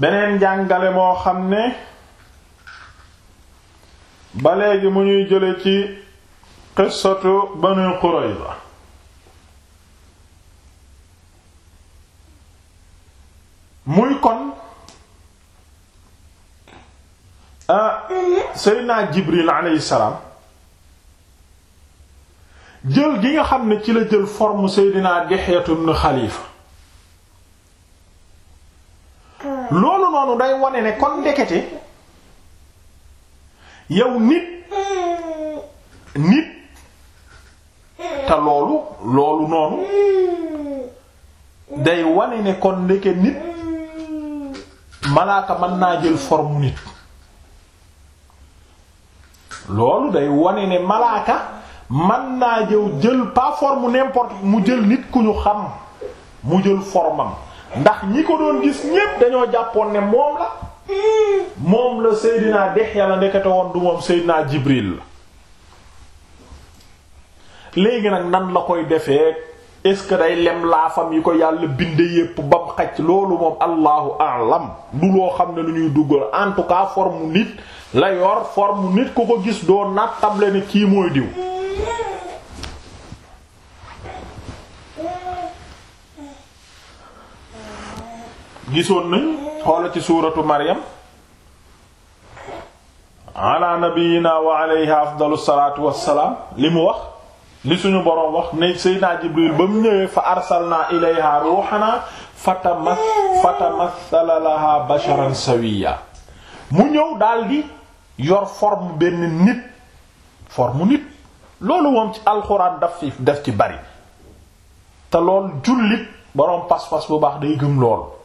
beneen jàngale moo xam ne ba léegi mu ñuy jële ci qissatu Banu Qurayza muy kon ah Seydina Jibril alayhi salaam jël gi nga xam ne ci la jël forme Seydina Dihyatu ibn Xalifa loolu noonu day wane ne kon ndekete yow nit nit te loolu loolu noonu day wane ne kon ndeke nit malaaka mën naa jël forme nit loolu day wane ne malaaka mën naa jëw jël pas forme n'importe mu jël nit ku ñu xam mu jël formam ndax ñi ko doon gis ñépp dañoo jàppoon ne moom la moom la Seydina Dihya la ndekete woon du moom Seydina Jibril la léegi nag nan la koy defee est-ce que day lem laafam yi ko yàlla binde yépp bam xaj loolu moom allahu alam du loo xam ne lu ñuy duggal en tout cas forme nit la yor forme nit ku ko gis doo naat table ne kii mooy diw gisoon nañ xoola ci suuratu Maryam ala nabiyyina wa alayhi afdalu salaatu wassalaam li mu wax li suñu boroom wax ne Seydina Jibril ba mu ñëwee fa arsalna ilayha ruuhanaa fatama fatamassala laha basharan sawiya mu ñëw daldi yor forme benn nit forme nit loolu moom ci alxuraan daf fi def ci bari te lool jullit boroom pas-pas bu baax day gëm lool